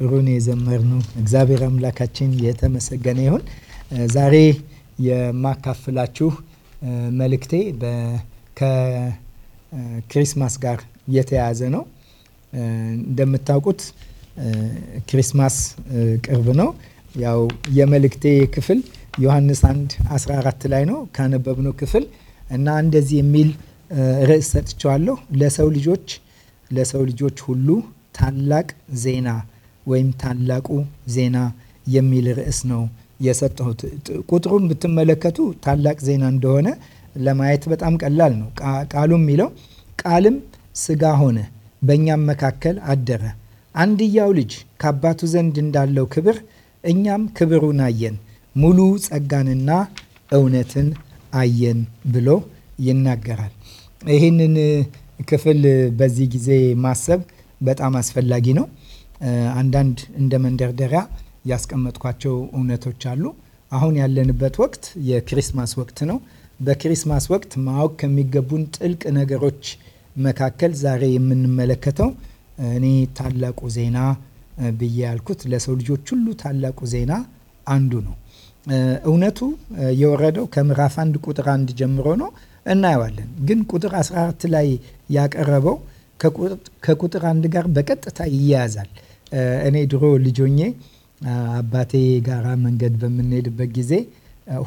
ጥሩ ነው የዘመርነው። እግዚአብሔር አምላካችን የተመሰገነ ይሁን። ዛሬ የማካፍላችሁ መልእክቴ ከክሪስማስ ጋር የተያያዘ ነው። እንደምታውቁት ክሪስማስ ቅርብ ነው። ያው የመልእክቴ ክፍል ዮሐንስ 1 14 ላይ ነው ካነበብነው ክፍል እና እንደዚህ የሚል ርዕስ ሰጥቸዋለሁ። ለሰው ልጆች ለሰው ልጆች ሁሉ ታላቅ ዜና ወይም ታላቁ ዜና የሚል ርዕስ ነው የሰጠሁት። ቁጥሩን ብትመለከቱ ታላቅ ዜና እንደሆነ ለማየት በጣም ቀላል ነው። ቃሉ የሚለው ቃልም ስጋ ሆነ በእኛም መካከል አደረ፣ አንድያው ልጅ ከአባቱ ዘንድ እንዳለው ክብር እኛም ክብሩን አየን፣ ሙሉ ጸጋንና እውነትን አየን ብሎ ይናገራል። ይህንን ክፍል በዚህ ጊዜ ማሰብ በጣም አስፈላጊ ነው። አንዳንድ እንደ መንደርደሪያ ያስቀመጥኳቸው እውነቶች አሉ። አሁን ያለንበት ወቅት የክሪስማስ ወቅት ነው። በክሪስማስ ወቅት ማወቅ ከሚገቡን ጥልቅ ነገሮች መካከል ዛሬ የምንመለከተው እኔ ታላቁ ዜና ብዬ ያልኩት ለሰው ልጆች ሁሉ ታላቁ ዜና አንዱ ነው። እውነቱ የወረደው ከምዕራፍ አንድ ቁጥር አንድ ጀምሮ ነው፣ እናየዋለን። ግን ቁጥር 14 ላይ ያቀረበው ከቁጥር አንድ ጋር በቀጥታ ይያያዛል። እኔ ድሮ ልጆኜ አባቴ ጋራ መንገድ በምንሄድበት ጊዜ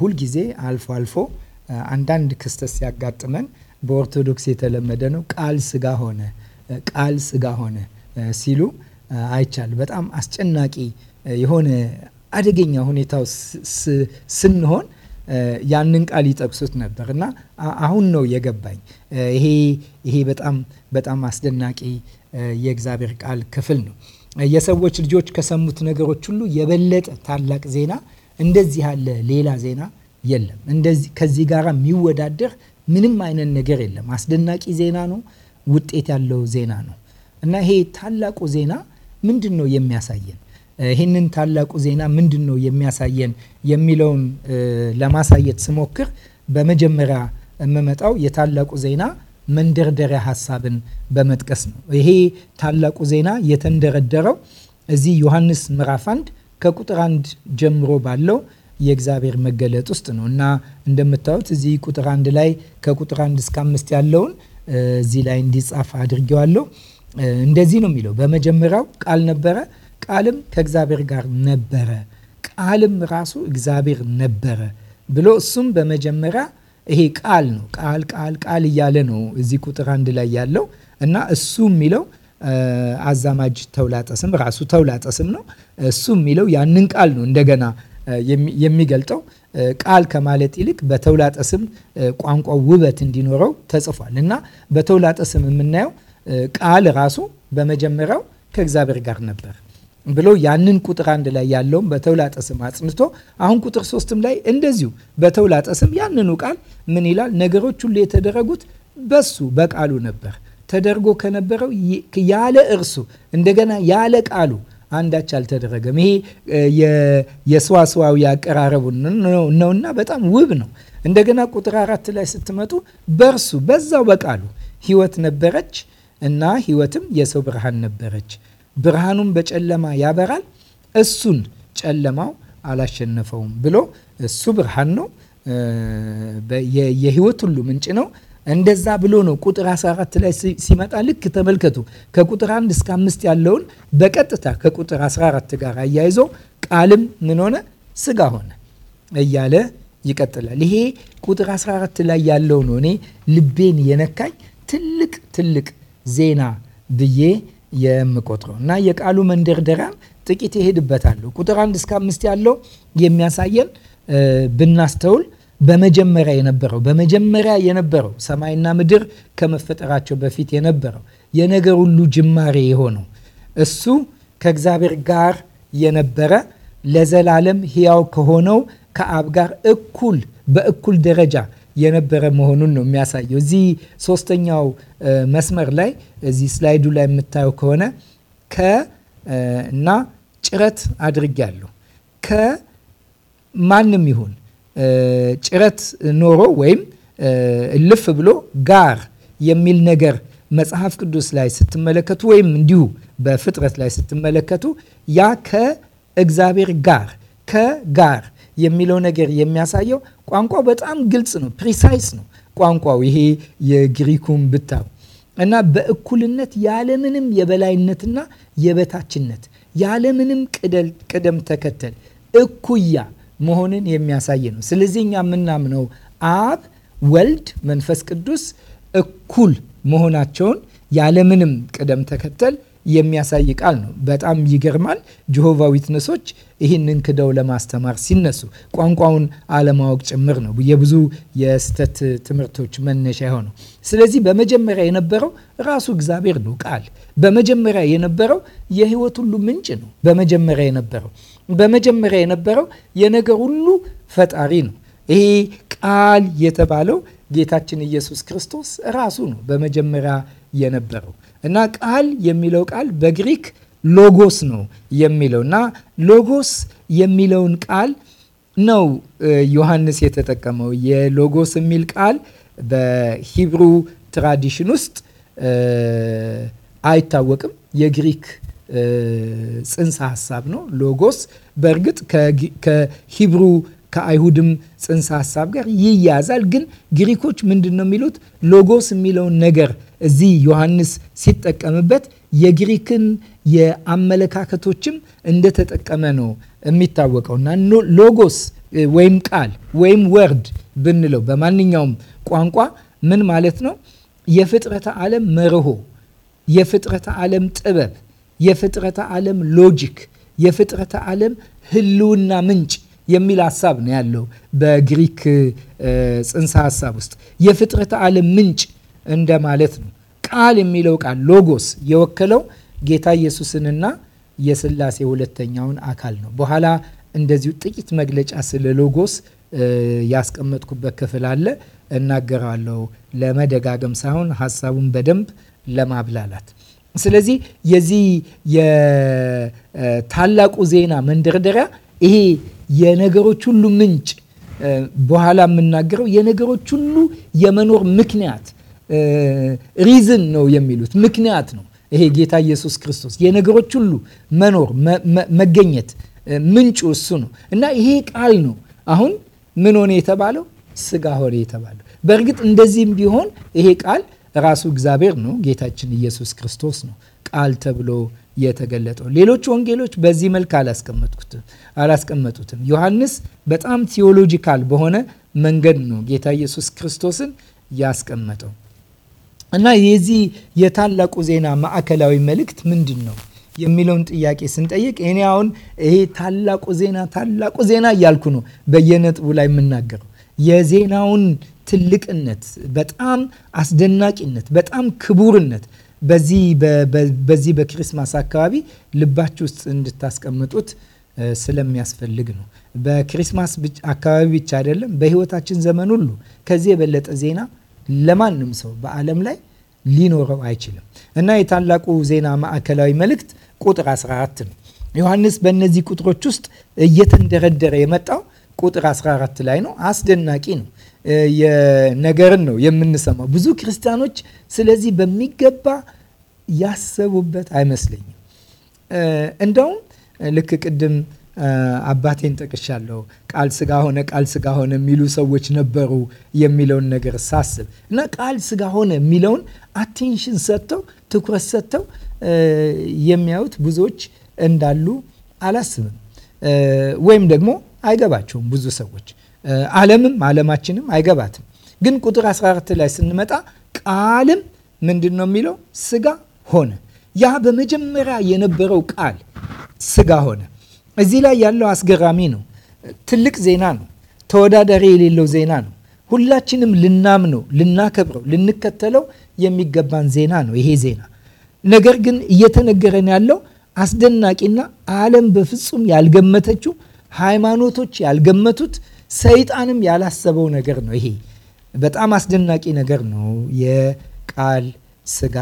ሁልጊዜ አልፎ አልፎ አንዳንድ ክስተት ሲያጋጥመን በኦርቶዶክስ የተለመደ ነው ቃል ስጋ ሆነ ቃል ስጋ ሆነ ሲሉ አይቻል። በጣም አስጨናቂ የሆነ አደገኛ ሁኔታው ስንሆን ያንን ቃል ይጠቅሱት ነበር እና አሁን ነው የገባኝ ይሄ ይሄ በጣም በጣም አስደናቂ የእግዚአብሔር ቃል ክፍል ነው። የሰዎች ልጆች ከሰሙት ነገሮች ሁሉ የበለጠ ታላቅ ዜና እንደዚህ ያለ ሌላ ዜና የለም። እንደዚህ ከዚህ ጋር የሚወዳደር ምንም አይነት ነገር የለም። አስደናቂ ዜና ነው። ውጤት ያለው ዜና ነው እና ይሄ ታላቁ ዜና ምንድን ነው የሚያሳየን? ይህንን ታላቁ ዜና ምንድን ነው የሚያሳየን የሚለውን ለማሳየት ስሞክር በመጀመሪያ የምመጣው የታላቁ ዜና መንደርደሪያ ሀሳብን በመጥቀስ ነው። ይሄ ታላቁ ዜና የተንደረደረው እዚህ ዮሐንስ ምዕራፍ አንድ ከቁጥር አንድ ጀምሮ ባለው የእግዚአብሔር መገለጥ ውስጥ ነው እና እንደምታዩት እዚህ ቁጥር አንድ ላይ ከቁጥር አንድ እስከ አምስት ያለውን እዚህ ላይ እንዲጻፍ አድርጌዋለሁ። እንደዚህ ነው የሚለው በመጀመሪያው ቃል ነበረ፣ ቃልም ከእግዚአብሔር ጋር ነበረ፣ ቃልም ራሱ እግዚአብሔር ነበረ ብሎ እሱም በመጀመሪያ ይሄ ቃል ነው። ቃል ቃል ቃል እያለ ነው እዚህ ቁጥር አንድ ላይ ያለው እና እሱ የሚለው አዛማጅ ተውላጠ ስም ራሱ ተውላጠ ስም ነው። እሱ የሚለው ያንን ቃል ነው እንደገና የሚገልጠው ቃል ከማለት ይልቅ በተውላጠ ስም ቋንቋ ውበት እንዲኖረው ተጽፏል እና በተውላጠ ስም የምናየው ቃል ራሱ በመጀመሪያው ከእግዚአብሔር ጋር ነበር። ብሎ ያንን ቁጥር አንድ ላይ ያለውም በተውላጠ ስም አጽንቶ አሁን ቁጥር ሶስትም ላይ እንደዚሁ በተውላጠ ስም ያንኑ ቃል ምን ይላል? ነገሮች ሁሉ የተደረጉት በሱ በቃሉ ነበር። ተደርጎ ከነበረው ያለ እርሱ እንደገና ያለ ቃሉ አንዳች አልተደረገም። ይሄ የሰዋስዋዊ አቀራረቡ ነውና በጣም ውብ ነው። እንደገና ቁጥር አራት ላይ ስትመጡ በእርሱ በዛው በቃሉ ሕይወት ነበረች እና ሕይወትም የሰው ብርሃን ነበረች ብርሃኑን በጨለማ ያበራል፣ እሱን ጨለማው አላሸነፈውም ብሎ እሱ ብርሃን ነው፣ የህይወት ሁሉ ምንጭ ነው። እንደዛ ብሎ ነው ቁጥር 14 ላይ ሲመጣ ልክ ተመልከቱ። ከቁጥር 1 እስከ 5 ያለውን በቀጥታ ከቁጥር 14 ጋር አያይዞ ቃልም ምን ሆነ ስጋ ሆነ እያለ ይቀጥላል። ይሄ ቁጥር 14 ላይ ያለው ነው እኔ ልቤን የነካኝ ትልቅ ትልቅ ዜና ብዬ የምቆጥረው እና የቃሉ መንደርደሪያም ጥቂት ይሄድበታሉ። ቁጥር አንድ እስከ አምስት ያለው የሚያሳየን ብናስተውል በመጀመሪያ የነበረው በመጀመሪያ የነበረው ሰማይና ምድር ከመፈጠራቸው በፊት የነበረው የነገር ሁሉ ጅማሬ የሆነው እሱ ከእግዚአብሔር ጋር የነበረ ለዘላለም ሕያው ከሆነው ከአብ ጋር እኩል በእኩል ደረጃ የነበረ መሆኑን ነው የሚያሳየው። እዚህ ሶስተኛው መስመር ላይ እዚህ ስላይዱ ላይ የምታየው ከሆነ ከ እና ጭረት አድርጊያለሁ ከማንም ይሁን ጭረት ኖሮ ወይም እልፍ ብሎ ጋር የሚል ነገር መጽሐፍ ቅዱስ ላይ ስትመለከቱ ወይም እንዲሁ በፍጥረት ላይ ስትመለከቱ ያ ከእግዚአብሔር ጋር ከጋር የሚለው ነገር የሚያሳየው ቋንቋው በጣም ግልጽ ነው። ፕሪሳይስ ነው ቋንቋው ይሄ የግሪኩም ብታው እና በእኩልነት ያለምንም የበላይነትና የበታችነት ያለምንም ቅደም ተከተል እኩያ መሆንን የሚያሳይ ነው። ስለዚህ እኛ የምናምነው አብ፣ ወልድ፣ መንፈስ ቅዱስ እኩል መሆናቸውን ያለምንም ቅደም ተከተል የሚያሳይ ቃል ነው። በጣም ይገርማል። ጆሆቫ ዊትነሶች ይህንን ክደው ለማስተማር ሲነሱ ቋንቋውን አለማወቅ ጭምር ነው የብዙ የስህተት ትምህርቶች መነሻ የሆነው። ስለዚህ በመጀመሪያ የነበረው ራሱ እግዚአብሔር ነው። ቃል በመጀመሪያ የነበረው የህይወት ሁሉ ምንጭ ነው። በመጀመሪያ የነበረው በመጀመሪያ የነበረው የነገር ሁሉ ፈጣሪ ነው። ይሄ ቃል የተባለው ጌታችን ኢየሱስ ክርስቶስ ራሱ ነው በመጀመሪያ የነበረው እና ቃል የሚለው ቃል በግሪክ ሎጎስ ነው የሚለው እና ሎጎስ የሚለውን ቃል ነው ዮሐንስ የተጠቀመው። የሎጎስ የሚል ቃል በሂብሩ ትራዲሽን ውስጥ አይታወቅም። የግሪክ ጽንሰ ሀሳብ ነው ሎጎስ። በእርግጥ ከሂብሩ ከአይሁድም ጽንሰ ሀሳብ ጋር ይያዛል። ግን ግሪኮች ምንድን ነው የሚሉት ሎጎስ የሚለውን ነገር እዚህ ዮሐንስ ሲጠቀምበት የግሪክን የአመለካከቶችም እንደተጠቀመ ነው የሚታወቀው እና ሎጎስ ወይም ቃል ወይም ወርድ ብንለው በማንኛውም ቋንቋ ምን ማለት ነው? የፍጥረተ ዓለም መርሆ፣ የፍጥረተ ዓለም ጥበብ፣ የፍጥረተ ዓለም ሎጂክ፣ የፍጥረተ ዓለም ህልውና ምንጭ የሚል ሀሳብ ነው ያለው በግሪክ ጽንሰ ሀሳብ ውስጥ የፍጥረተ ዓለም ምንጭ እንደማለት ነው። ቃል የሚለው ቃል ሎጎስ የወከለው ጌታ ኢየሱስንና የስላሴ ሁለተኛውን አካል ነው። በኋላ እንደዚሁ ጥቂት መግለጫ ስለ ሎጎስ ያስቀመጥኩበት ክፍል አለ፣ እናገራለሁ ለመደጋገም ሳይሆን ሀሳቡን በደንብ ለማብላላት። ስለዚህ የዚህ የታላቁ ዜና መንደርደሪያ ይሄ የነገሮች ሁሉ ምንጭ፣ በኋላ የምናገረው የነገሮች ሁሉ የመኖር ምክንያት ሪዝን ነው የሚሉት ምክንያት ነው። ይሄ ጌታ ኢየሱስ ክርስቶስ የነገሮች ሁሉ መኖር መገኘት ምንጩ እሱ ነው እና ይሄ ቃል ነው አሁን ምን ሆነ የተባለው ስጋ ሆነ የተባለው። በእርግጥ እንደዚህም ቢሆን ይሄ ቃል ራሱ እግዚአብሔር ነው፣ ጌታችን ኢየሱስ ክርስቶስ ነው ቃል ተብሎ የተገለጠው። ሌሎች ወንጌሎች በዚህ መልክ አላስቀመጡትም። ዮሐንስ በጣም ቴዎሎጂካል በሆነ መንገድ ነው ጌታ ኢየሱስ ክርስቶስን ያስቀመጠው። እና የዚህ የታላቁ ዜና ማዕከላዊ መልእክት ምንድን ነው የሚለውን ጥያቄ ስንጠይቅ እኔ አሁን ይሄ ታላቁ ዜና ታላቁ ዜና እያልኩ ነው በየነጥቡ ላይ የምናገረው የዜናውን ትልቅነት፣ በጣም አስደናቂነት፣ በጣም ክቡርነት በዚህ በክሪስማስ አካባቢ ልባችሁ ውስጥ እንድታስቀምጡት ስለሚያስፈልግ ነው። በክሪስማስ አካባቢ ብቻ አይደለም፣ በህይወታችን ዘመን ሁሉ ከዚህ የበለጠ ዜና ለማንም ሰው በዓለም ላይ ሊኖረው አይችልም እና የታላቁ ዜና ማዕከላዊ መልእክት ቁጥር 14 ነው። ዮሐንስ በእነዚህ ቁጥሮች ውስጥ እየተንደረደረ የመጣው ቁጥር 14 ላይ ነው። አስደናቂ ነው። የነገርን ነው የምንሰማው። ብዙ ክርስቲያኖች ስለዚህ በሚገባ ያሰቡበት አይመስለኝም። እንደውም ልክ ቅድም አባቴን ጠቅሻለሁ። ቃል ስጋ ሆነ፣ ቃል ስጋ ሆነ የሚሉ ሰዎች ነበሩ የሚለውን ነገር ሳስብ እና ቃል ስጋ ሆነ የሚለውን አቴንሽን ሰጥተው ትኩረት ሰጥተው የሚያዩት ብዙዎች እንዳሉ አላስብም። ወይም ደግሞ አይገባቸውም። ብዙ ሰዎች ዓለምም ዓለማችንም አይገባትም። ግን ቁጥር 14 ላይ ስንመጣ ቃልም ምንድን ነው የሚለው ስጋ ሆነ። ያ በመጀመሪያ የነበረው ቃል ስጋ ሆነ እዚህ ላይ ያለው አስገራሚ ነው። ትልቅ ዜና ነው። ተወዳዳሪ የሌለው ዜና ነው። ሁላችንም ልናምነው፣ ልናከብረው፣ ልንከተለው የሚገባን ዜና ነው ይሄ ዜና። ነገር ግን እየተነገረን ያለው አስደናቂና ዓለም በፍጹም ያልገመተችው ሃይማኖቶች ያልገመቱት ሰይጣንም ያላሰበው ነገር ነው። ይሄ በጣም አስደናቂ ነገር ነው። የቃል ስጋ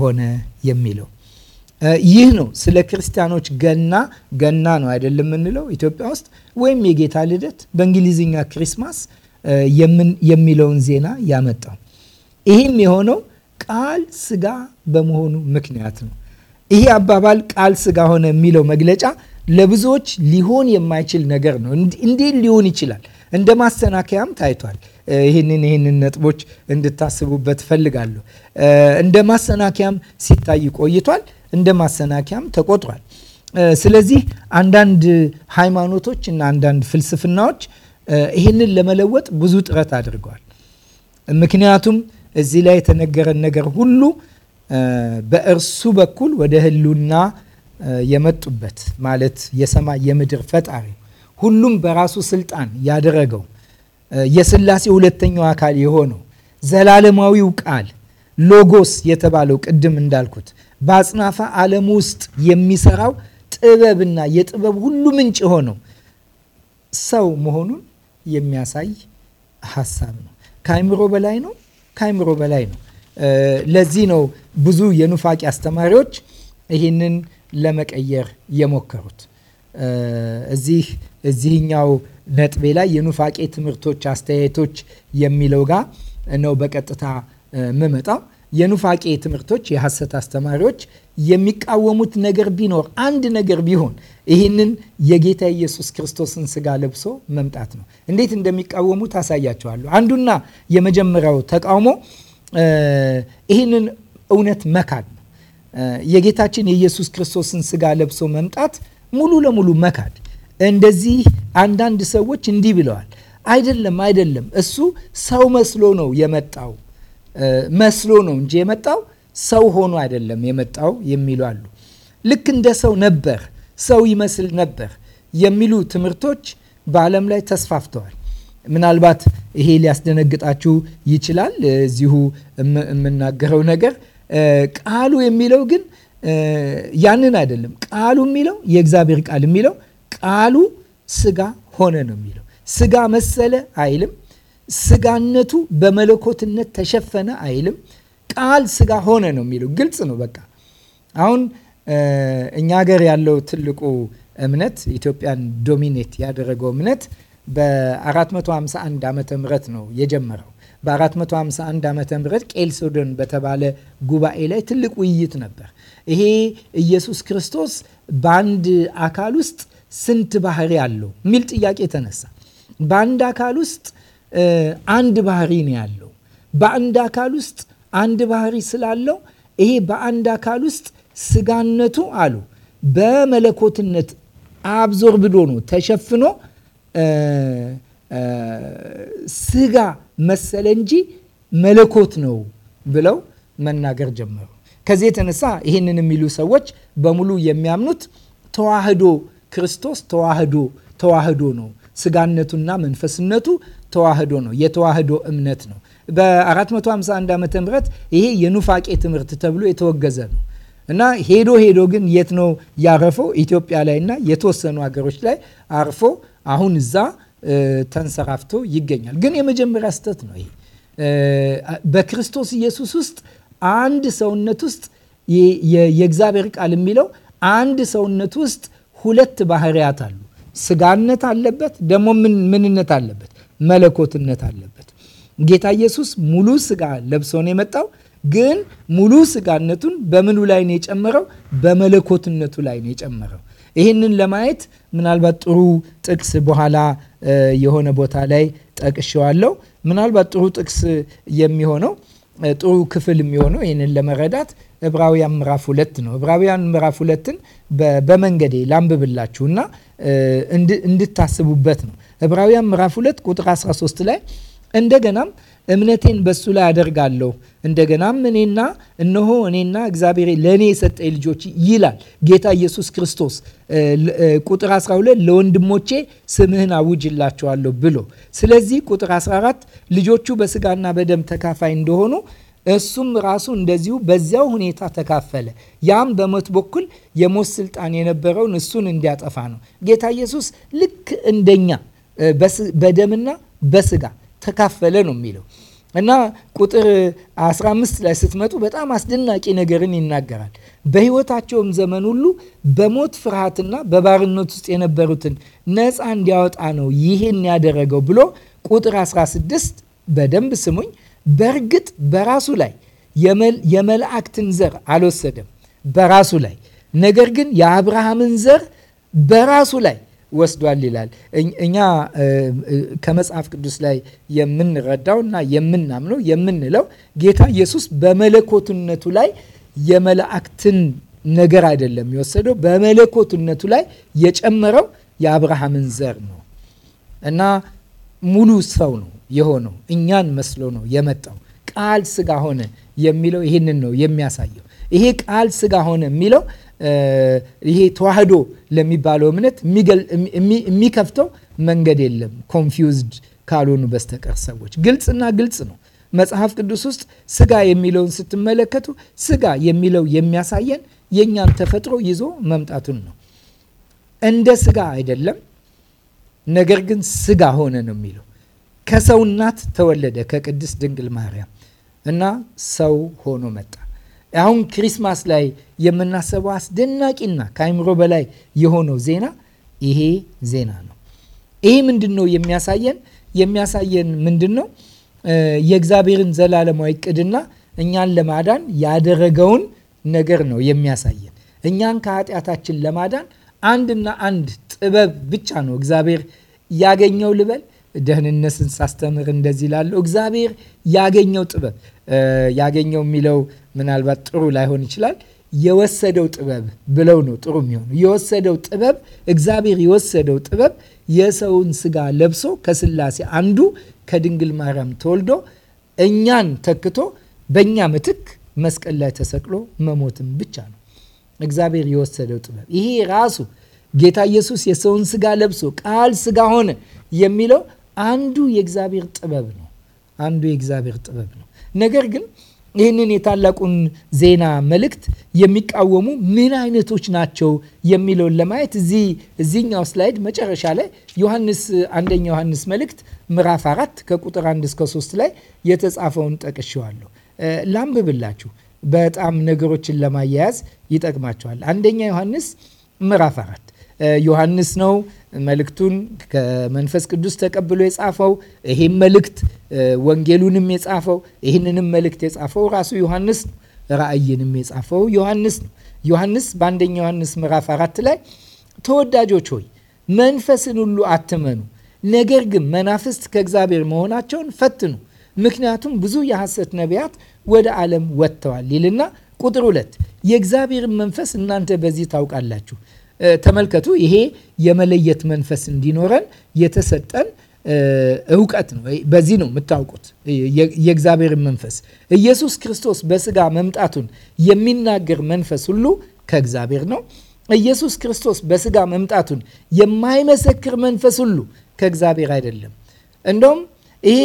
ሆነ የሚለው ይህ ነው ስለ ክርስቲያኖች ገና ገና ነው አይደለም የምንለው ኢትዮጵያ ውስጥ ወይም የጌታ ልደት በእንግሊዝኛ ክሪስማስ የሚለውን ዜና ያመጣው። ይህም የሆነው ቃል ስጋ በመሆኑ ምክንያት ነው። ይሄ አባባል ቃል ስጋ ሆነ የሚለው መግለጫ ለብዙዎች ሊሆን የማይችል ነገር ነው። እንዴት ሊሆን ይችላል? እንደ ማሰናከያም ታይቷል። ይህንን ይህንን ነጥቦች እንድታስቡበት ፈልጋለሁ። እንደ ማሰናከያም ሲታይ ቆይቷል። እንደ ማሰናከያም ተቆጥሯል። ስለዚህ አንዳንድ ሃይማኖቶች እና አንዳንድ ፍልስፍናዎች ይህንን ለመለወጥ ብዙ ጥረት አድርገዋል። ምክንያቱም እዚህ ላይ የተነገረን ነገር ሁሉ በእርሱ በኩል ወደ ህሉና የመጡበት ማለት የሰማይ የምድር ፈጣሪ ሁሉም በራሱ ስልጣን ያደረገው የስላሴ ሁለተኛው አካል የሆነው ዘላለማዊው ቃል ሎጎስ የተባለው ቅድም እንዳልኩት በአጽናፈ ዓለም ውስጥ የሚሰራው ጥበብና የጥበብ ሁሉ ምንጭ የሆነው ሰው መሆኑን የሚያሳይ ሀሳብ ነው። ከአይምሮ በላይ ነው። ከአይምሮ በላይ ነው። ለዚህ ነው ብዙ የኑፋቂ አስተማሪዎች ይህንን ለመቀየር የሞከሩት። እዚህ እዚህኛው ነጥቤ ላይ የኑፋቄ ትምህርቶች አስተያየቶች የሚለው ጋር ነው በቀጥታ ምመጣው የኑፋቄ ትምህርቶች የሐሰት አስተማሪዎች የሚቃወሙት ነገር ቢኖር አንድ ነገር ቢሆን ይህንን የጌታ ኢየሱስ ክርስቶስን ስጋ ለብሶ መምጣት ነው። እንዴት እንደሚቃወሙ ታሳያቸዋለሁ። አንዱና የመጀመሪያው ተቃውሞ ይህንን እውነት መካድ ነው። የጌታችን የኢየሱስ ክርስቶስን ስጋ ለብሶ መምጣት ሙሉ ለሙሉ መካድ። እንደዚህ አንዳንድ ሰዎች እንዲህ ብለዋል፣ አይደለም አይደለም፣ እሱ ሰው መስሎ ነው የመጣው መስሎ ነው እንጂ የመጣው ሰው ሆኖ አይደለም የመጣው የሚሉ አሉ። ልክ እንደ ሰው ነበር፣ ሰው ይመስል ነበር የሚሉ ትምህርቶች በዓለም ላይ ተስፋፍተዋል። ምናልባት ይሄ ሊያስደነግጣችሁ ይችላል። እዚሁ የምናገረው ነገር ቃሉ የሚለው ግን ያንን አይደለም። ቃሉ የሚለው የእግዚአብሔር ቃል የሚለው ቃሉ ስጋ ሆነ ነው የሚለው። ስጋ መሰለ አይልም። ስጋነቱ በመለኮትነት ተሸፈነ አይልም። ቃል ስጋ ሆነ ነው የሚለው። ግልጽ ነው በቃ። አሁን እኛ ሀገር ያለው ትልቁ እምነት ኢትዮጵያን ዶሚኔት ያደረገው እምነት በ451 ዓመተ ምህረት ነው የጀመረው። በ451 ዓመተ ምህረት ቄልሶዶን በተባለ ጉባኤ ላይ ትልቅ ውይይት ነበር። ይሄ ኢየሱስ ክርስቶስ በአንድ አካል ውስጥ ስንት ባህሪ አለው የሚል ጥያቄ ተነሳ። በአንድ አካል ውስጥ አንድ ባህሪ ነው ያለው። በአንድ አካል ውስጥ አንድ ባህሪ ስላለው ይሄ በአንድ አካል ውስጥ ስጋነቱ አሉ በመለኮትነት አብዞር ብሎ ነው ተሸፍኖ ስጋ መሰለ እንጂ መለኮት ነው ብለው መናገር ጀመሩ። ከዚህ የተነሳ ይህንን የሚሉ ሰዎች በሙሉ የሚያምኑት ተዋህዶ ክርስቶስ ተዋህዶ ተዋህዶ ነው ስጋነቱና መንፈስነቱ ተዋህዶ ነው። የተዋህዶ እምነት ነው። በ451 ዓመተ ምህረት ይሄ የኑፋቄ ትምህርት ተብሎ የተወገዘ ነው እና ሄዶ ሄዶ ግን የት ነው ያረፈው? ኢትዮጵያ ላይና የተወሰኑ ሀገሮች ላይ አርፎ አሁን እዛ ተንሰራፍቶ ይገኛል። ግን የመጀመሪያ ስህተት ነው ይሄ በክርስቶስ ኢየሱስ ውስጥ አንድ ሰውነት ውስጥ የእግዚአብሔር ቃል የሚለው አንድ ሰውነት ውስጥ ሁለት ባህርያት አሉ ስጋነት አለበት፣ ደግሞ ምንነት አለበት፣ መለኮትነት አለበት። ጌታ ኢየሱስ ሙሉ ስጋ ለብሶ ነው የመጣው። ግን ሙሉ ስጋነቱን በምኑ ላይ ነው የጨመረው? በመለኮትነቱ ላይ ነው የጨመረው። ይህንን ለማየት ምናልባት ጥሩ ጥቅስ በኋላ የሆነ ቦታ ላይ ጠቅሼዋለሁ። ምናልባት ጥሩ ጥቅስ የሚሆነው ጥሩ ክፍል የሚሆነው ይህንን ለመረዳት ዕብራውያን ምዕራፍ ሁለት ነው። ዕብራውያን ምዕራፍ ሁለትን በመንገዴ ላንብብላችሁና እንድታስቡበት ነው። ዕብራውያን ምዕራፍ 2 ቁጥር 13 ላይ እንደገናም እምነቴን በሱ ላይ አደርጋለሁ፣ እንደገናም እኔና እነሆ እኔና እግዚአብሔር ለእኔ የሰጠኝ ልጆች ይላል ጌታ ኢየሱስ ክርስቶስ። ቁጥር 12 ለወንድሞቼ ስምህን አውጅላቸዋለሁ ብሎ ስለዚህ ቁጥር 14 ልጆቹ በስጋና በደም ተካፋይ እንደሆኑ እሱም ራሱ እንደዚሁ በዚያው ሁኔታ ተካፈለ። ያም በሞት በኩል የሞት ስልጣን የነበረውን እሱን እንዲያጠፋ ነው። ጌታ ኢየሱስ ልክ እንደኛ በደምና በስጋ ተካፈለ ነው የሚለው እና ቁጥር 15 ላይ ስትመጡ በጣም አስደናቂ ነገርን ይናገራል። በሕይወታቸውም ዘመን ሁሉ በሞት ፍርሃትና በባርነት ውስጥ የነበሩትን ነፃ እንዲያወጣ ነው ይህን ያደረገው ብሎ ቁጥር 16 በደንብ ስሙኝ። በእርግጥ በራሱ ላይ የመላእክትን ዘር አልወሰደም በራሱ ላይ ነገር ግን የአብርሃምን ዘር በራሱ ላይ ወስዷል ይላል። እኛ ከመጽሐፍ ቅዱስ ላይ የምንረዳው እና የምናምነው የምንለው ጌታ ኢየሱስ በመለኮትነቱ ላይ የመላእክትን ነገር አይደለም የወሰደው፣ በመለኮትነቱ ላይ የጨመረው የአብርሃምን ዘር ነው እና ሙሉ ሰው ነው የሆነው እኛን መስሎ ነው የመጣው። ቃል ስጋ ሆነ የሚለው ይህንን ነው የሚያሳየው። ይሄ ቃል ስጋ ሆነ የሚለው ይሄ ተዋህዶ ለሚባለው እምነት የሚከፍተው መንገድ የለም ኮንፊውዝድ ካልሆኑ በስተቀር ሰዎች። ግልጽና ግልጽ ነው። መጽሐፍ ቅዱስ ውስጥ ስጋ የሚለውን ስትመለከቱ ስጋ የሚለው የሚያሳየን የእኛን ተፈጥሮ ይዞ መምጣቱን ነው። እንደ ስጋ አይደለም፣ ነገር ግን ስጋ ሆነ ነው የሚለው ከሰው እናት ተወለደ ከቅድስት ድንግል ማርያም እና ሰው ሆኖ መጣ። አሁን ክሪስማስ ላይ የምናስበው አስደናቂና ከአይምሮ በላይ የሆነው ዜና ይሄ ዜና ነው። ይሄ ምንድን ነው የሚያሳየን? የሚያሳየን ምንድን ነው? የእግዚአብሔርን ዘላለማዊ እቅድና እኛን ለማዳን ያደረገውን ነገር ነው የሚያሳየን። እኛን ከኃጢአታችን ለማዳን አንድና አንድ ጥበብ ብቻ ነው እግዚአብሔር ያገኘው ልበል ደህንነትን ሳስተምር እንደዚህ ይላሉ። እግዚአብሔር ያገኘው ጥበብ ያገኘው የሚለው ምናልባት ጥሩ ላይሆን ይችላል። የወሰደው ጥበብ ብለው ነው ጥሩ የሚሆኑ የወሰደው ጥበብ እግዚአብሔር የወሰደው ጥበብ የሰውን ስጋ ለብሶ ከስላሴ አንዱ ከድንግል ማርያም ተወልዶ እኛን ተክቶ በእኛ ምትክ መስቀል ላይ ተሰቅሎ መሞትም ብቻ ነው እግዚአብሔር የወሰደው ጥበብ። ይሄ ራሱ ጌታ ኢየሱስ የሰውን ስጋ ለብሶ ቃል ስጋ ሆነ የሚለው አንዱ የእግዚአብሔር ጥበብ ነው። አንዱ የእግዚአብሔር ጥበብ ነው። ነገር ግን ይህንን የታላቁን ዜና መልእክት የሚቃወሙ ምን አይነቶች ናቸው የሚለውን ለማየት እዚህ እዚህኛው ስላይድ መጨረሻ ላይ ዮሐንስ አንደኛ ዮሐንስ መልእክት ምዕራፍ አራት ከቁጥር አንድ እስከ ሶስት ላይ የተጻፈውን ጠቅሼዋለሁ። ላንብብላችሁ በጣም ነገሮችን ለማያያዝ ይጠቅማቸዋል። አንደኛ ዮሐንስ ምዕራፍ አራት ዮሐንስ ነው መልእክቱን ከመንፈስ ቅዱስ ተቀብሎ የጻፈው። ይሄም መልእክት ወንጌሉንም የጻፈው ይህንንም መልእክት የጻፈው ራሱ ዮሐንስ ነው። ራእይንም የጻፈው ዮሐንስ ነው። ዮሐንስ በአንደኛ ዮሐንስ ምዕራፍ አራት ላይ ተወዳጆች ሆይ መንፈስን ሁሉ አትመኑ፣ ነገር ግን መናፍስት ከእግዚአብሔር መሆናቸውን ፈትኑ፣ ምክንያቱም ብዙ የሐሰት ነቢያት ወደ ዓለም ወጥተዋል ይልና ቁጥር ሁለት የእግዚአብሔርን መንፈስ እናንተ በዚህ ታውቃላችሁ ተመልከቱ፣ ይሄ የመለየት መንፈስ እንዲኖረን የተሰጠን እውቀት ነው። በዚህ ነው የምታውቁት የእግዚአብሔርን መንፈስ። ኢየሱስ ክርስቶስ በስጋ መምጣቱን የሚናገር መንፈስ ሁሉ ከእግዚአብሔር ነው። ኢየሱስ ክርስቶስ በስጋ መምጣቱን የማይመሰክር መንፈስ ሁሉ ከእግዚአብሔር አይደለም። እንደውም ይሄ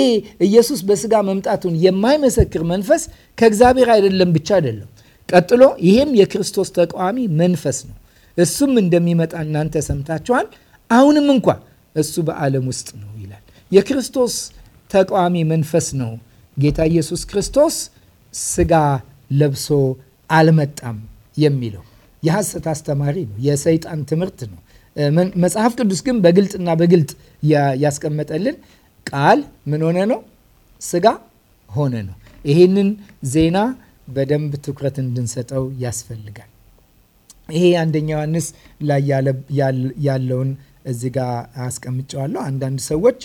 ኢየሱስ በስጋ መምጣቱን የማይመሰክር መንፈስ ከእግዚአብሔር አይደለም ብቻ አይደለም፣ ቀጥሎ ይሄም የክርስቶስ ተቃዋሚ መንፈስ ነው። እሱም እንደሚመጣ እናንተ ሰምታችኋል። አሁንም እንኳ እሱ በዓለም ውስጥ ነው ይላል። የክርስቶስ ተቃዋሚ መንፈስ ነው። ጌታ ኢየሱስ ክርስቶስ ስጋ ለብሶ አልመጣም የሚለው የሐሰት አስተማሪ ነው። የሰይጣን ትምህርት ነው። መጽሐፍ ቅዱስ ግን በግልጥና በግልጥ ያስቀመጠልን ቃል ምን ሆነ ነው? ስጋ ሆነ ነው። ይሄንን ዜና በደንብ ትኩረት እንድንሰጠው ያስፈልጋል። ይሄ አንደኛ ዮሐንስ ላይ ያለውን እዚህ ጋ አስቀምጨዋለሁ። አንዳንድ ሰዎች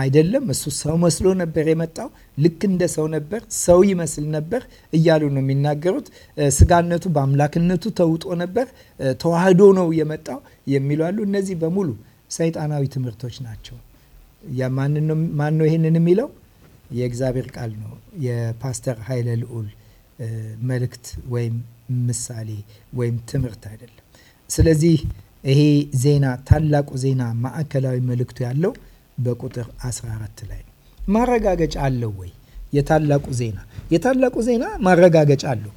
አይደለም እሱ ሰው መስሎ ነበር የመጣው፣ ልክ እንደ ሰው ነበር፣ ሰው ይመስል ነበር እያሉ ነው የሚናገሩት። ስጋነቱ በአምላክነቱ ተውጦ ነበር፣ ተዋህዶ ነው የመጣው የሚሉ አሉ። እነዚህ በሙሉ ሰይጣናዊ ትምህርቶች ናቸው። ማን ነው ይህንን የሚለው? የእግዚአብሔር ቃል ነው። የፓስተር ኃይለ ልዑል መልእክት ወይም ምሳሌ ወይም ትምህርት አይደለም። ስለዚህ ይሄ ዜና ታላቁ ዜና ማዕከላዊ መልእክቱ ያለው በቁጥር 14 ላይ ነው። ማረጋገጫ አለው ወይ? የታላቁ ዜና የታላቁ ዜና ማረጋገጫ አለው።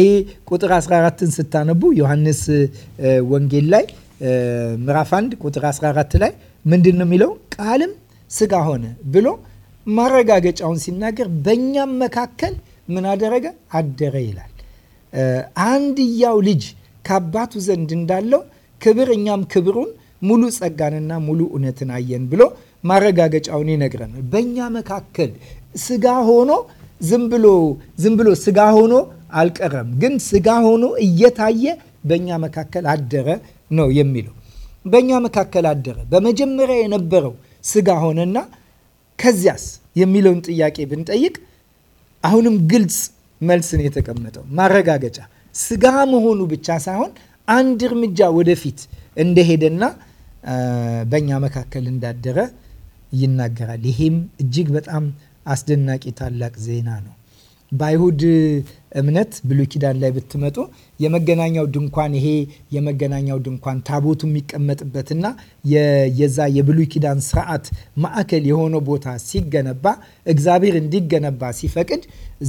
ይሄ ቁጥር 14ን ስታነቡ ዮሐንስ ወንጌል ላይ ምዕራፍ 1 ቁጥር 14 ላይ ምንድን ነው የሚለው? ቃልም ስጋ ሆነ ብሎ ማረጋገጫውን ሲናገር በእኛም መካከል ምን አደረገ? አደረ ይላል። አንድያው ልጅ ከአባቱ ዘንድ እንዳለው ክብር እኛም ክብሩን ሙሉ ጸጋንና ሙሉ እውነትን አየን ብሎ ማረጋገጫውን ይነግረናል። በእኛ መካከል ስጋ ሆኖ ዝም ብሎ ዝም ብሎ ስጋ ሆኖ አልቀረም፣ ግን ስጋ ሆኖ እየታየ በእኛ መካከል አደረ ነው የሚለው። በእኛ መካከል አደረ። በመጀመሪያ የነበረው ስጋ ሆነና ከዚያስ የሚለውን ጥያቄ ብንጠይቅ አሁንም ግልጽ መልስን የተቀመጠው ማረጋገጫ ስጋ መሆኑ ብቻ ሳይሆን አንድ እርምጃ ወደፊት እንደሄደና በእኛ መካከል እንዳደረ ይናገራል። ይሄም እጅግ በጣም አስደናቂ ታላቅ ዜና ነው። በአይሁድ እምነት ብሉይ ኪዳን ላይ ብትመጡ የመገናኛው ድንኳን ይሄ የመገናኛው ድንኳን ታቦቱ የሚቀመጥበትና የዛ የብሉይ ኪዳን ስርዓት ማዕከል የሆነ ቦታ ሲገነባ እግዚአብሔር እንዲገነባ ሲፈቅድ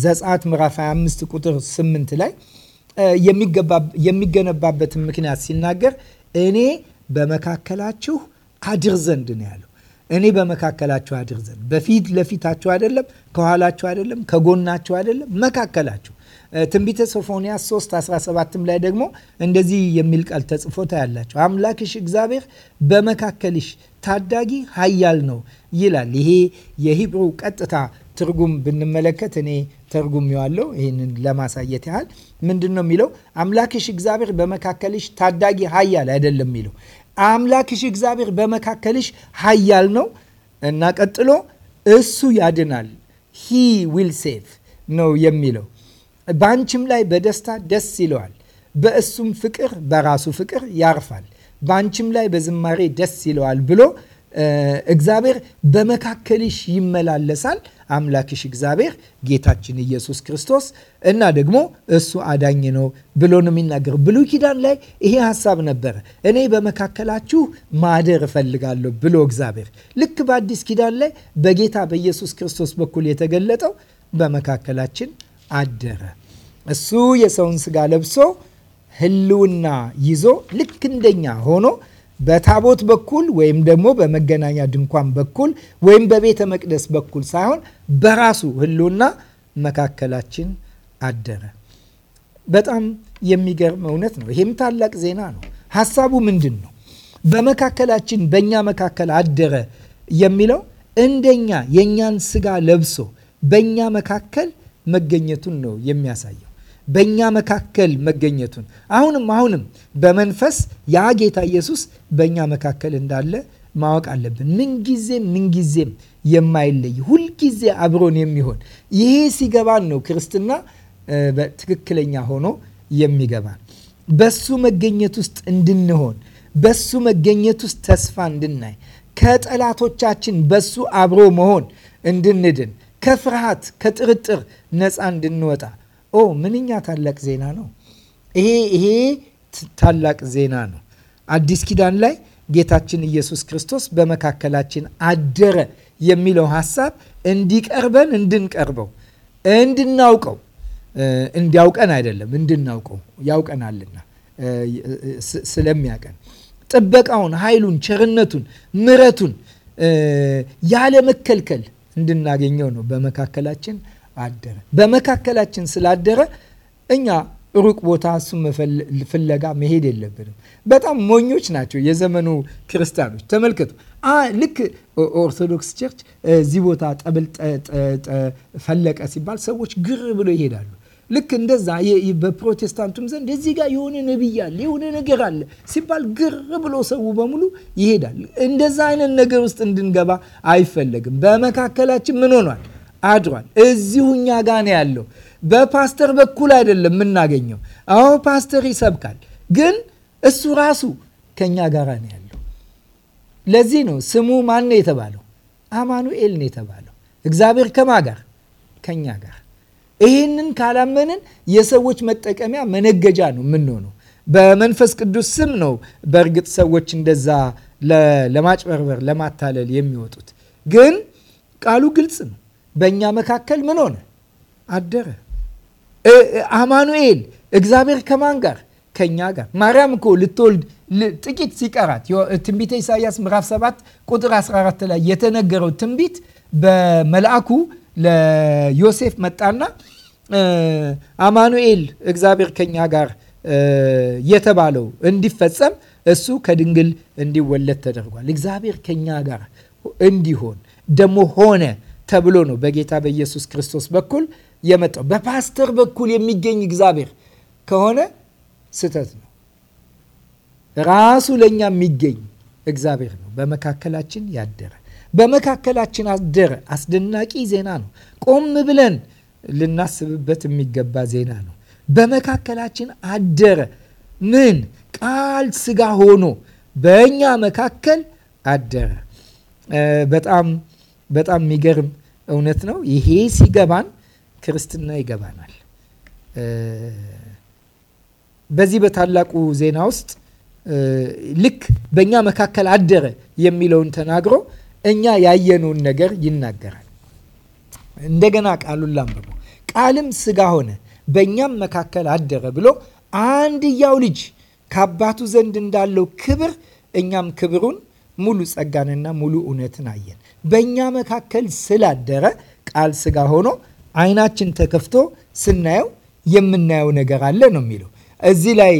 ዘጸአት ምዕራፍ 25 ቁጥር 8 ላይ የሚገነባበትን ምክንያት ሲናገር እኔ በመካከላችሁ አድር ዘንድ ነው ያለው። እኔ በመካከላችሁ አድር ዘንድ በፊት ለፊታችሁ አይደለም፣ ከኋላችሁ አይደለም፣ ከጎናችሁ አይደለም፣ መካከላችሁ ትንቢተ ሶፎንያስ 3 17ም ላይ ደግሞ እንደዚህ የሚል ቃል ተጽፎ ታያላችሁ። አምላክሽ እግዚአብሔር በመካከልሽ ታዳጊ ኃያል ነው ይላል። ይሄ የሂብሩ ቀጥታ ትርጉም ብንመለከት እኔ ተርጉሜዋለሁ። ይህንን ለማሳየት ያህል ምንድን ነው የሚለው? አምላክሽ እግዚአብሔር በመካከልሽ ታዳጊ ኃያል አይደለም የሚለው አምላክሽ እግዚአብሔር በመካከልሽ ኃያል ነው እና ቀጥሎ እሱ ያድናል ሂ ዊል ሴቭ ነው የሚለው በአንቺም ላይ በደስታ ደስ ይለዋል፣ በእሱም ፍቅር በራሱ ፍቅር ያርፋል፣ በአንቺም ላይ በዝማሬ ደስ ይለዋል ብሎ እግዚአብሔር በመካከልሽ ይመላለሳል። አምላክሽ እግዚአብሔር ጌታችን ኢየሱስ ክርስቶስ እና ደግሞ እሱ አዳኝ ነው ብሎ ነው የሚናገር። ብሉይ ኪዳን ላይ ይሄ ሀሳብ ነበረ። እኔ በመካከላችሁ ማደር እፈልጋለሁ ብሎ እግዚአብሔር ልክ በአዲስ ኪዳን ላይ በጌታ በኢየሱስ ክርስቶስ በኩል የተገለጠው በመካከላችን አደረ። እሱ የሰውን ስጋ ለብሶ ህልውና ይዞ ልክ እንደኛ ሆኖ በታቦት በኩል ወይም ደግሞ በመገናኛ ድንኳን በኩል ወይም በቤተ መቅደስ በኩል ሳይሆን በራሱ ህልውና መካከላችን አደረ። በጣም የሚገርም እውነት ነው። ይህም ታላቅ ዜና ነው። ሀሳቡ ምንድን ነው? በመካከላችን በእኛ መካከል አደረ የሚለው እንደኛ የእኛን ስጋ ለብሶ በእኛ መካከል መገኘቱን ነው የሚያሳየው። በእኛ መካከል መገኘቱን አሁንም አሁንም በመንፈስ ያ ጌታ ኢየሱስ በእኛ መካከል እንዳለ ማወቅ አለብን። ምንጊዜም ምንጊዜም የማይለይ ሁልጊዜ አብሮን የሚሆን ይሄ ሲገባን ነው ክርስትና ትክክለኛ ሆኖ የሚገባን። በሱ መገኘት ውስጥ እንድንሆን፣ በሱ መገኘት ውስጥ ተስፋ እንድናይ፣ ከጠላቶቻችን በሱ አብሮ መሆን እንድንድን ከፍርሃት ከጥርጥር ነፃ እንድንወጣ። ኦ ምንኛ ታላቅ ዜና ነው! ይሄ ይሄ ታላቅ ዜና ነው። አዲስ ኪዳን ላይ ጌታችን ኢየሱስ ክርስቶስ በመካከላችን አደረ የሚለው ሀሳብ እንዲቀርበን እንድንቀርበው እንድናውቀው እንዲያውቀን አይደለም እንድናውቀው ያውቀናልና ስለሚያቀን ጥበቃውን፣ ኃይሉን፣ ቸርነቱን፣ ምረቱን ያለ መከልከል እንድናገኘው ነው። በመካከላችን አደረ። በመካከላችን ስላደረ እኛ ሩቅ ቦታ እሱ ፍለጋ መሄድ የለብንም። በጣም ሞኞች ናቸው የዘመኑ ክርስቲያኖች። ተመልከቱ፣ ልክ ኦርቶዶክስ ቸርች እዚህ ቦታ ጠብል ፈለቀ ሲባል ሰዎች ግር ብሎ ይሄዳሉ። ልክ እንደዛ በፕሮቴስታንቱም ዘንድ እዚህ ጋር የሆነ ነቢይ አለ የሆነ ነገር አለ ሲባል ግር ብሎ ሰው በሙሉ ይሄዳል። እንደዛ አይነት ነገር ውስጥ እንድንገባ አይፈለግም። በመካከላችን ምን ሆኗል? አድሯል። እዚሁ እኛ ጋ ነው ያለው። በፓስተር በኩል አይደለም የምናገኘው። አዎ ፓስተር ይሰብካል፣ ግን እሱ ራሱ ከእኛ ጋር ነው ያለው። ለዚህ ነው ስሙ ማን ነው የተባለው? አማኑኤል ነው የተባለው። እግዚአብሔር ከማ ጋር ከእኛ ጋር ይህንን ካላመንን የሰዎች መጠቀሚያ መነገጃ ነው የምንሆነው። በመንፈስ ቅዱስ ስም ነው በእርግጥ ሰዎች እንደዛ ለማጭበርበር ለማታለል የሚወጡት። ግን ቃሉ ግልጽ ነው። በእኛ መካከል ምን ሆነ አደረ? አማኑኤል እግዚአብሔር ከማን ጋር? ከእኛ ጋር። ማርያም እኮ ልትወልድ ጥቂት ሲቀራት ትንቢተ ኢሳያስ ምዕራፍ 7 ቁጥር 14 ላይ የተነገረው ትንቢት በመልአኩ ለዮሴፍ መጣና አማኑኤል እግዚአብሔር ከኛ ጋር የተባለው እንዲፈጸም እሱ ከድንግል እንዲወለድ ተደርጓል። እግዚአብሔር ከኛ ጋር እንዲሆን ደግሞ ሆነ ተብሎ ነው በጌታ በኢየሱስ ክርስቶስ በኩል የመጣው። በፓስተር በኩል የሚገኝ እግዚአብሔር ከሆነ ስህተት ነው። ራሱ ለእኛ የሚገኝ እግዚአብሔር ነው። በመካከላችን ያደረ በመካከላችን አደረ። አስደናቂ ዜና ነው። ቆም ብለን ልናስብበት የሚገባ ዜና ነው። በመካከላችን አደረ። ምን ቃል ስጋ ሆኖ በእኛ መካከል አደረ። በጣም በጣም የሚገርም እውነት ነው። ይሄ ሲገባን ክርስትና ይገባናል። በዚህ በታላቁ ዜና ውስጥ ልክ በእኛ መካከል አደረ የሚለውን ተናግሮ እኛ ያየነውን ነገር ይናገራል። እንደገና ቃሉን ላንብቡ። ቃልም ስጋ ሆነ በእኛም መካከል አደረ ብሎ አንድያው ልጅ ከአባቱ ዘንድ እንዳለው ክብር እኛም ክብሩን ሙሉ ጸጋንና ሙሉ እውነትን አየን። በእኛ መካከል ስላደረ ቃል ስጋ ሆኖ አይናችን ተከፍቶ ስናየው የምናየው ነገር አለ ነው የሚለው። እዚህ ላይ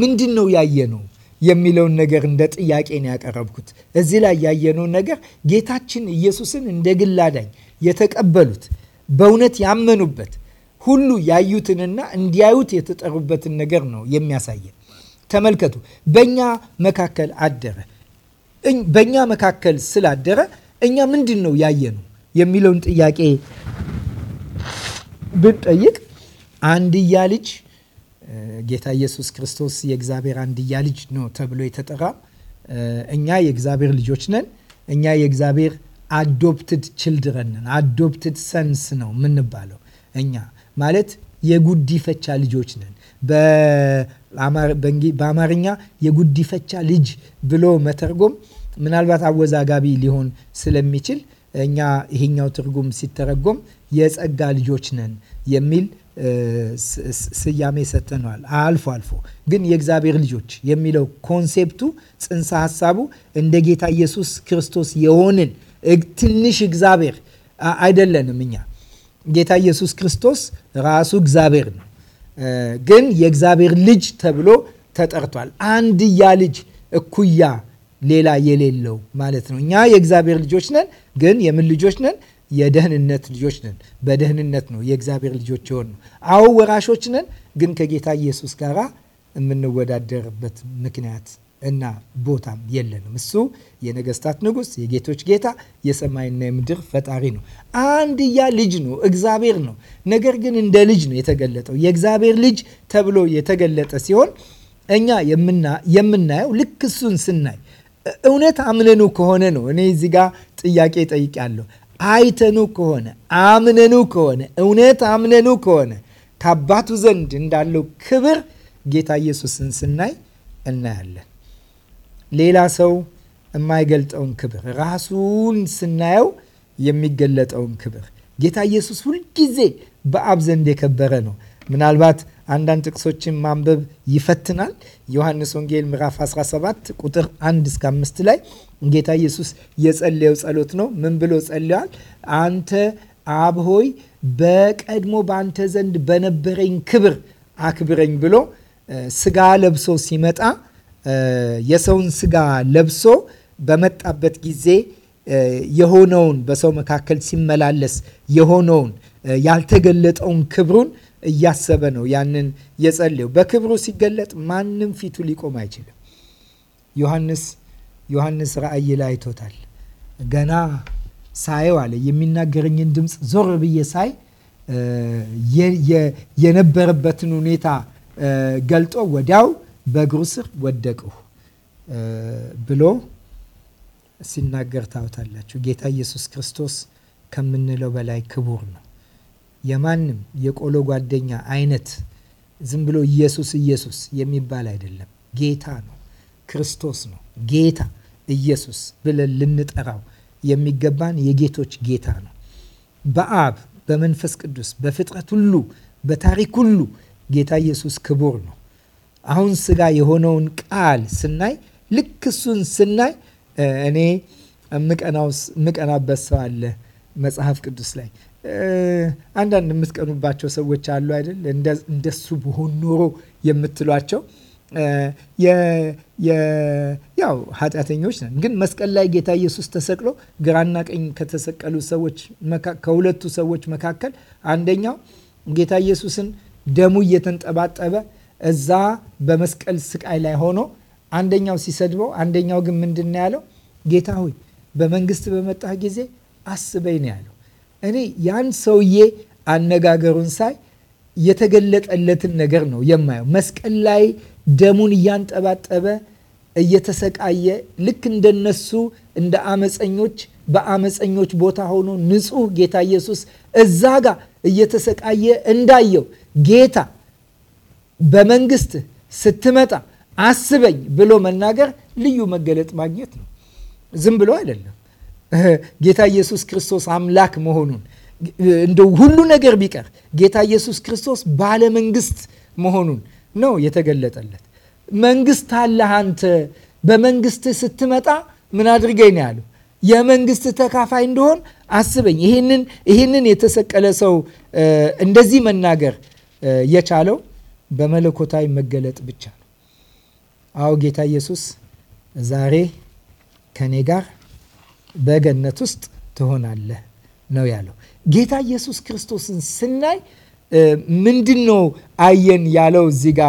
ምንድን ነው ያየነው የሚለውን ነገር እንደ ጥያቄ ነው ያቀረብኩት። እዚህ ላይ ያየነውን ነገር ጌታችን ኢየሱስን እንደ ግል አዳኝ የተቀበሉት በእውነት ያመኑበት ሁሉ ያዩትንና እንዲያዩት የተጠሩበትን ነገር ነው የሚያሳየን። ተመልከቱ፣ በእኛ መካከል አደረ። በእኛ መካከል ስላደረ እኛ ምንድን ነው ያየነው የሚለውን ጥያቄ ብንጠይቅ አንድያ ልጅ ጌታ ኢየሱስ ክርስቶስ የእግዚአብሔር አንድያ ልጅ ነው ተብሎ የተጠራ እኛ የእግዚአብሔር ልጆች ነን። እኛ የእግዚአብሔር አዶፕትድ ችልድረንን አዶፕትድ ሰንስ ነው የምንባለው እኛ ማለት የጉዲፈቻ ልጆች ነን። በአማርኛ የጉዲፈቻ ልጅ ብሎ መተርጎም ምናልባት አወዛጋቢ ሊሆን ስለሚችል እኛ ይሄኛው ትርጉም ሲተረጎም የጸጋ ልጆች ነን የሚል ስያሜ ሰጥተነዋል። አልፎ አልፎ ግን የእግዚአብሔር ልጆች የሚለው ኮንሴፕቱ ጽንሰ ሀሳቡ እንደ ጌታ ኢየሱስ ክርስቶስ የሆንን ትንሽ እግዚአብሔር አይደለንም እኛ። ጌታ ኢየሱስ ክርስቶስ ራሱ እግዚአብሔር ነው፣ ግን የእግዚአብሔር ልጅ ተብሎ ተጠርቷል። አንድያ ልጅ እኩያ ሌላ የሌለው ማለት ነው። እኛ የእግዚአብሔር ልጆች ነን፣ ግን የምን ልጆች ነን? የደህንነት ልጆች ነን። በደህንነት ነው የእግዚአብሔር ልጆች የሆን ነው። አዎ ወራሾች ነን፣ ግን ከጌታ ኢየሱስ ጋራ የምንወዳደርበት ምክንያት እና ቦታም የለንም። እሱ የነገስታት ንጉስ፣ የጌቶች ጌታ፣ የሰማይና የምድር ፈጣሪ ነው። አንድያ ልጅ ነው፣ እግዚአብሔር ነው። ነገር ግን እንደ ልጅ ነው የተገለጠው። የእግዚአብሔር ልጅ ተብሎ የተገለጠ ሲሆን እኛ የምናየው ልክ እሱን ስናይ እውነት አምነኑ ከሆነ ነው። እኔ እዚህ ጋ ጥያቄ ጠይቄያለሁ። አይተኑ ከሆነ አምነኑ ከሆነ እውነት አምነኑ ከሆነ ከአባቱ ዘንድ እንዳለው ክብር ጌታ ኢየሱስን ስናይ እናያለን። ሌላ ሰው የማይገልጠውን ክብር፣ ራሱን ስናየው የሚገለጠውን ክብር ጌታ ኢየሱስ ሁልጊዜ በአብ ዘንድ የከበረ ነው። ምናልባት አንዳንድ ጥቅሶችን ማንበብ ይፈትናል። ዮሐንስ ወንጌል ምዕራፍ 17 ቁጥር 1 እስከ 5 ላይ ጌታ ኢየሱስ የጸለየው ጸሎት ነው። ምን ብሎ ጸልዋል? አንተ አብ ሆይ በቀድሞ በአንተ ዘንድ በነበረኝ ክብር አክብረኝ ብሎ ስጋ ለብሶ ሲመጣ የሰውን ስጋ ለብሶ በመጣበት ጊዜ የሆነውን በሰው መካከል ሲመላለስ የሆነውን ያልተገለጠውን ክብሩን እያሰበ ነው ያንን የጸለየው። በክብሩ ሲገለጥ ማንም ፊቱ ሊቆም አይችልም። ዮሐንስ ዮሐንስ ራእይ ላይ አይቶታል። ገና ሳየው አለ የሚናገረኝን ድምፅ ዞር ብዬ ሳይ የነበረበትን ሁኔታ ገልጦ ወዲያው በእግሩ ስር ወደቅሁ ብሎ ሲናገር ታውታላችሁ። ጌታ ኢየሱስ ክርስቶስ ከምንለው በላይ ክቡር ነው። የማንም የቆሎ ጓደኛ አይነት ዝም ብሎ ኢየሱስ ኢየሱስ የሚባል አይደለም። ጌታ ነው፣ ክርስቶስ ነው። ጌታ ኢየሱስ ብለን ልንጠራው የሚገባን የጌቶች ጌታ ነው። በአብ በመንፈስ ቅዱስ በፍጥረት ሁሉ በታሪክ ሁሉ ጌታ ኢየሱስ ክቡር ነው። አሁን ስጋ የሆነውን ቃል ስናይ ልክ እሱን ስናይ እኔ የምቀናበት ሰው አለ መጽሐፍ ቅዱስ ላይ አንዳንድ የምትቀኑባቸው ሰዎች አሉ አይደል? እንደሱ በሆን ኖሮ የምትሏቸው ያው ኃጢአተኞች ነን። ግን መስቀል ላይ ጌታ ኢየሱስ ተሰቅሎ ግራና ቀኝ ከተሰቀሉ ሰዎች ከሁለቱ ሰዎች መካከል አንደኛው ጌታ ኢየሱስን ደሙ እየተንጠባጠበ እዛ በመስቀል ስቃይ ላይ ሆኖ አንደኛው ሲሰድበው፣ አንደኛው ግን ምንድን ያለው? ጌታ ሆይ በመንግስት በመጣህ ጊዜ አስበኝ ነው ያለው። እኔ ያን ሰውዬ አነጋገሩን ሳይ የተገለጠለትን ነገር ነው የማየው። መስቀል ላይ ደሙን እያንጠባጠበ እየተሰቃየ ልክ እንደነሱ እንደ አመፀኞች በአመፀኞች ቦታ ሆኖ ንጹህ ጌታ ኢየሱስ እዛ ጋር እየተሰቃየ እንዳየው ጌታ በመንግስት ስትመጣ አስበኝ ብሎ መናገር ልዩ መገለጥ ማግኘት ነው። ዝም ብሎ አይደለም። ጌታ ኢየሱስ ክርስቶስ አምላክ መሆኑን እንደ ሁሉ ነገር ቢቀር ጌታ ኢየሱስ ክርስቶስ ባለመንግስት መሆኑን ነው የተገለጠለት። መንግስት አለህ አንተ፣ በመንግስት ስትመጣ ምን አድርገኝ ነው ያለው? የመንግስት ተካፋይ እንደሆን አስበኝ። ይህንን የተሰቀለ ሰው እንደዚህ መናገር የቻለው በመለኮታዊ መገለጥ ብቻ ነው። አዎ ጌታ ኢየሱስ ዛሬ ከኔ ጋር በገነት ውስጥ ትሆናለህ ነው ያለው። ጌታ ኢየሱስ ክርስቶስን ስናይ ምንድን ነው አየን ያለው እዚህ ጋ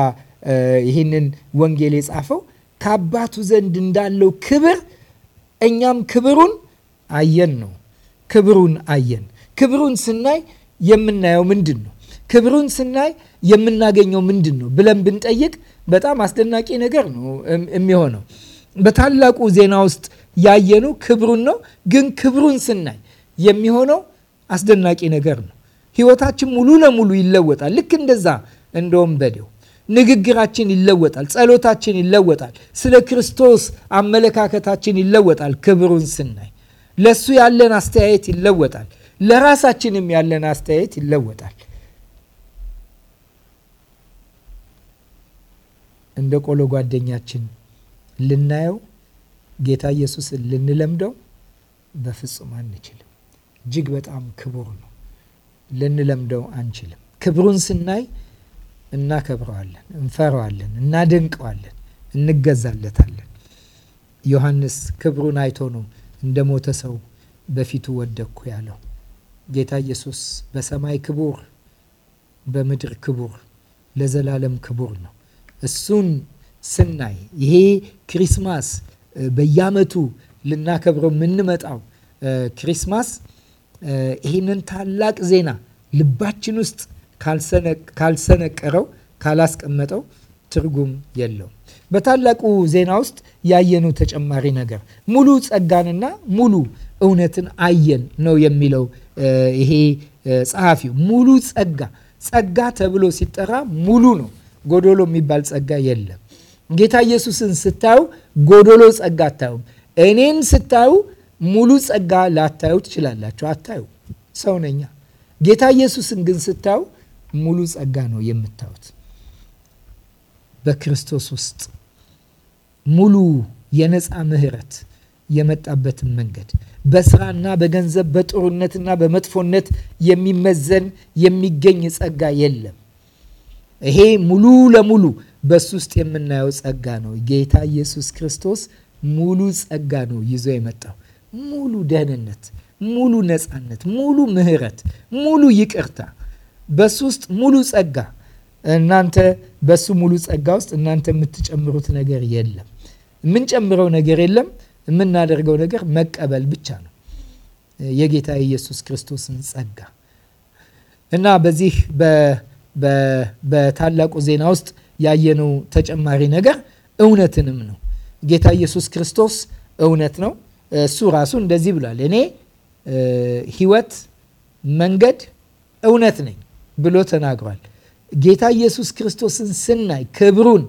ይህንን ወንጌል የጻፈው ከአባቱ ዘንድ እንዳለው ክብር እኛም ክብሩን አየን ነው። ክብሩን አየን። ክብሩን ስናይ የምናየው ምንድን ነው? ክብሩን ስናይ የምናገኘው ምንድን ነው ብለን ብንጠይቅ በጣም አስደናቂ ነገር ነው የሚሆነው። በታላቁ ዜና ውስጥ ያየኑ ክብሩን ነው። ግን ክብሩን ስናይ የሚሆነው አስደናቂ ነገር ነው። ህይወታችን ሙሉ ለሙሉ ይለወጣል። ልክ እንደዛ እንደውም ወንበዴው ንግግራችን ይለወጣል። ጸሎታችን ይለወጣል። ስለ ክርስቶስ አመለካከታችን ይለወጣል። ክብሩን ስናይ ለሱ ያለን አስተያየት ይለወጣል። ለራሳችንም ያለን አስተያየት ይለወጣል። እንደ ቆሎ ጓደኛችን ልናየው ጌታ ኢየሱስን ልንለምደው በፍጹም አንችልም። እጅግ በጣም ክቡር ነው። ልንለምደው አንችልም። ክብሩን ስናይ እናከብረዋለን፣ እንፈረዋለን፣ እናደንቀዋለን፣ እንገዛለታለን። ዮሐንስ ክብሩን አይቶ ነው እንደ ሞተ ሰው በፊቱ ወደቅኩ ያለው። ጌታ ኢየሱስ በሰማይ ክቡር፣ በምድር ክቡር፣ ለዘላለም ክቡር ነው። እሱን ስናይ ይሄ ክሪስማስ በየዓመቱ ልናከብረው የምንመጣው ክሪስማስ ይህንን ታላቅ ዜና ልባችን ውስጥ ካልሰነቀረው ካላስቀመጠው ትርጉም የለውም። በታላቁ ዜና ውስጥ ያየነው ተጨማሪ ነገር ሙሉ ጸጋንና ሙሉ እውነትን አየን ነው የሚለው ይሄ ጸሐፊው። ሙሉ ጸጋ ጸጋ ተብሎ ሲጠራ ሙሉ ነው ጎዶሎ የሚባል ጸጋ የለም። ጌታ ኢየሱስን ስታዩ ጎዶሎ ጸጋ አታዩም። እኔን ስታዩ ሙሉ ጸጋ ላታዩ ትችላላችሁ፣ አታዩ ሰው ነኛ። ጌታ ኢየሱስን ግን ስታዩ ሙሉ ጸጋ ነው የምታዩት። በክርስቶስ ውስጥ ሙሉ የነፃ ምህረት የመጣበትን መንገድ በስራና በገንዘብ በጥሩነትና በመጥፎነት የሚመዘን የሚገኝ ጸጋ የለም። ይሄ ሙሉ ለሙሉ በሱ ውስጥ የምናየው ጸጋ ነው። ጌታ ኢየሱስ ክርስቶስ ሙሉ ጸጋ ነው ይዞ የመጣው ሙሉ ደህንነት፣ ሙሉ ነፃነት፣ ሙሉ ምህረት ሙሉ ይቅርታ፣ በሱ ውስጥ ሙሉ ጸጋ። እናንተ በሱ ሙሉ ጸጋ ውስጥ እናንተ የምትጨምሩት ነገር የለም። የምንጨምረው ነገር የለም። የምናደርገው ነገር መቀበል ብቻ ነው የጌታ ኢየሱስ ክርስቶስን ጸጋ እና በዚህ በ በታላቁ ዜና ውስጥ ያየነው ተጨማሪ ነገር እውነትንም ነው። ጌታ ኢየሱስ ክርስቶስ እውነት ነው። እሱ ራሱ እንደዚህ ብሏል፣ እኔ ሕይወት መንገድ እውነት ነኝ ብሎ ተናግሯል። ጌታ ኢየሱስ ክርስቶስን ስናይ ክብሩን፣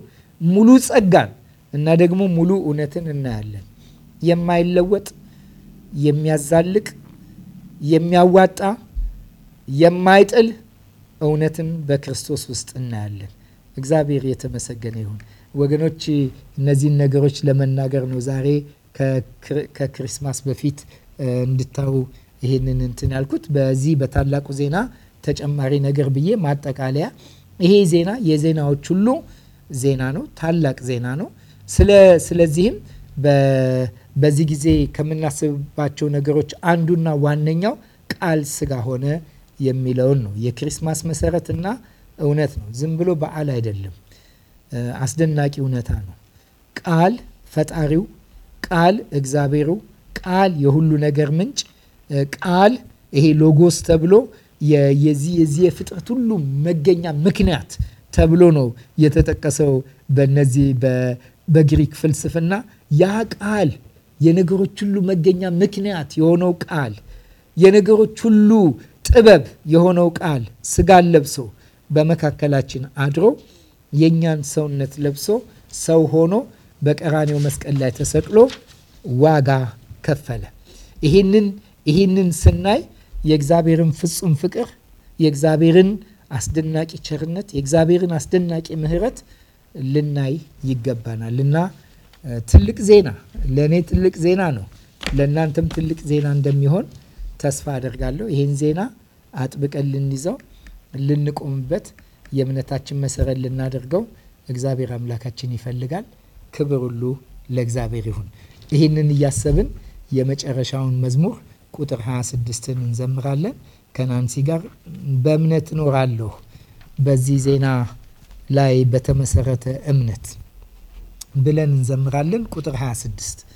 ሙሉ ጸጋን እና ደግሞ ሙሉ እውነትን እናያለን። የማይለወጥ የሚያዛልቅ፣ የሚያዋጣ፣ የማይጥል እውነትም በክርስቶስ ውስጥ እናያለን። እግዚአብሔር የተመሰገነ ይሁን። ወገኖች እነዚህን ነገሮች ለመናገር ነው ዛሬ ከክሪስማስ በፊት እንድታዩ ይሄንን እንትን ያልኩት። በዚህ በታላቁ ዜና ተጨማሪ ነገር ብዬ ማጠቃለያ፣ ይሄ ዜና የዜናዎች ሁሉ ዜና ነው። ታላቅ ዜና ነው። ስለዚህም በዚህ ጊዜ ከምናስብባቸው ነገሮች አንዱና ዋነኛው ቃል ስጋ ሆነ የሚለውን ነው። የክሪስማስ መሰረትና እውነት ነው። ዝም ብሎ በዓል አይደለም፣ አስደናቂ እውነታ ነው። ቃል ፈጣሪው፣ ቃል እግዚአብሔሩ፣ ቃል የሁሉ ነገር ምንጭ፣ ቃል ይሄ ሎጎስ ተብሎ የዚህ የዚህ የፍጥረት ሁሉ መገኛ ምክንያት ተብሎ ነው የተጠቀሰው በነዚህ በግሪክ ፍልስፍና ያ ቃል የነገሮች ሁሉ መገኛ ምክንያት የሆነው ቃል የነገሮች ሁሉ ጥበብ የሆነው ቃል ስጋን ለብሶ በመካከላችን አድሮ የእኛን ሰውነት ለብሶ ሰው ሆኖ በቀራኔው መስቀል ላይ ተሰቅሎ ዋጋ ከፈለ። ይህንን ይህንን ስናይ የእግዚአብሔርን ፍጹም ፍቅር፣ የእግዚአብሔርን አስደናቂ ቸርነት፣ የእግዚአብሔርን አስደናቂ ምሕረት ልናይ ይገባናል እና ትልቅ ዜና ለእኔ ትልቅ ዜና ነው፣ ለእናንተም ትልቅ ዜና እንደሚሆን ተስፋ አደርጋለሁ። ይህን ዜና አጥብቀን ልንይዘው፣ ልንቆምበት፣ የእምነታችን መሰረት ልናደርገው እግዚአብሔር አምላካችን ይፈልጋል። ክብር ሁሉ ለእግዚአብሔር ይሁን። ይህንን እያሰብን የመጨረሻውን መዝሙር ቁጥር 26ን እንዘምራለን ከናንሲ ጋር በእምነት እኖራለሁ በዚህ ዜና ላይ በተመሰረተ እምነት ብለን እንዘምራለን። ቁጥር 26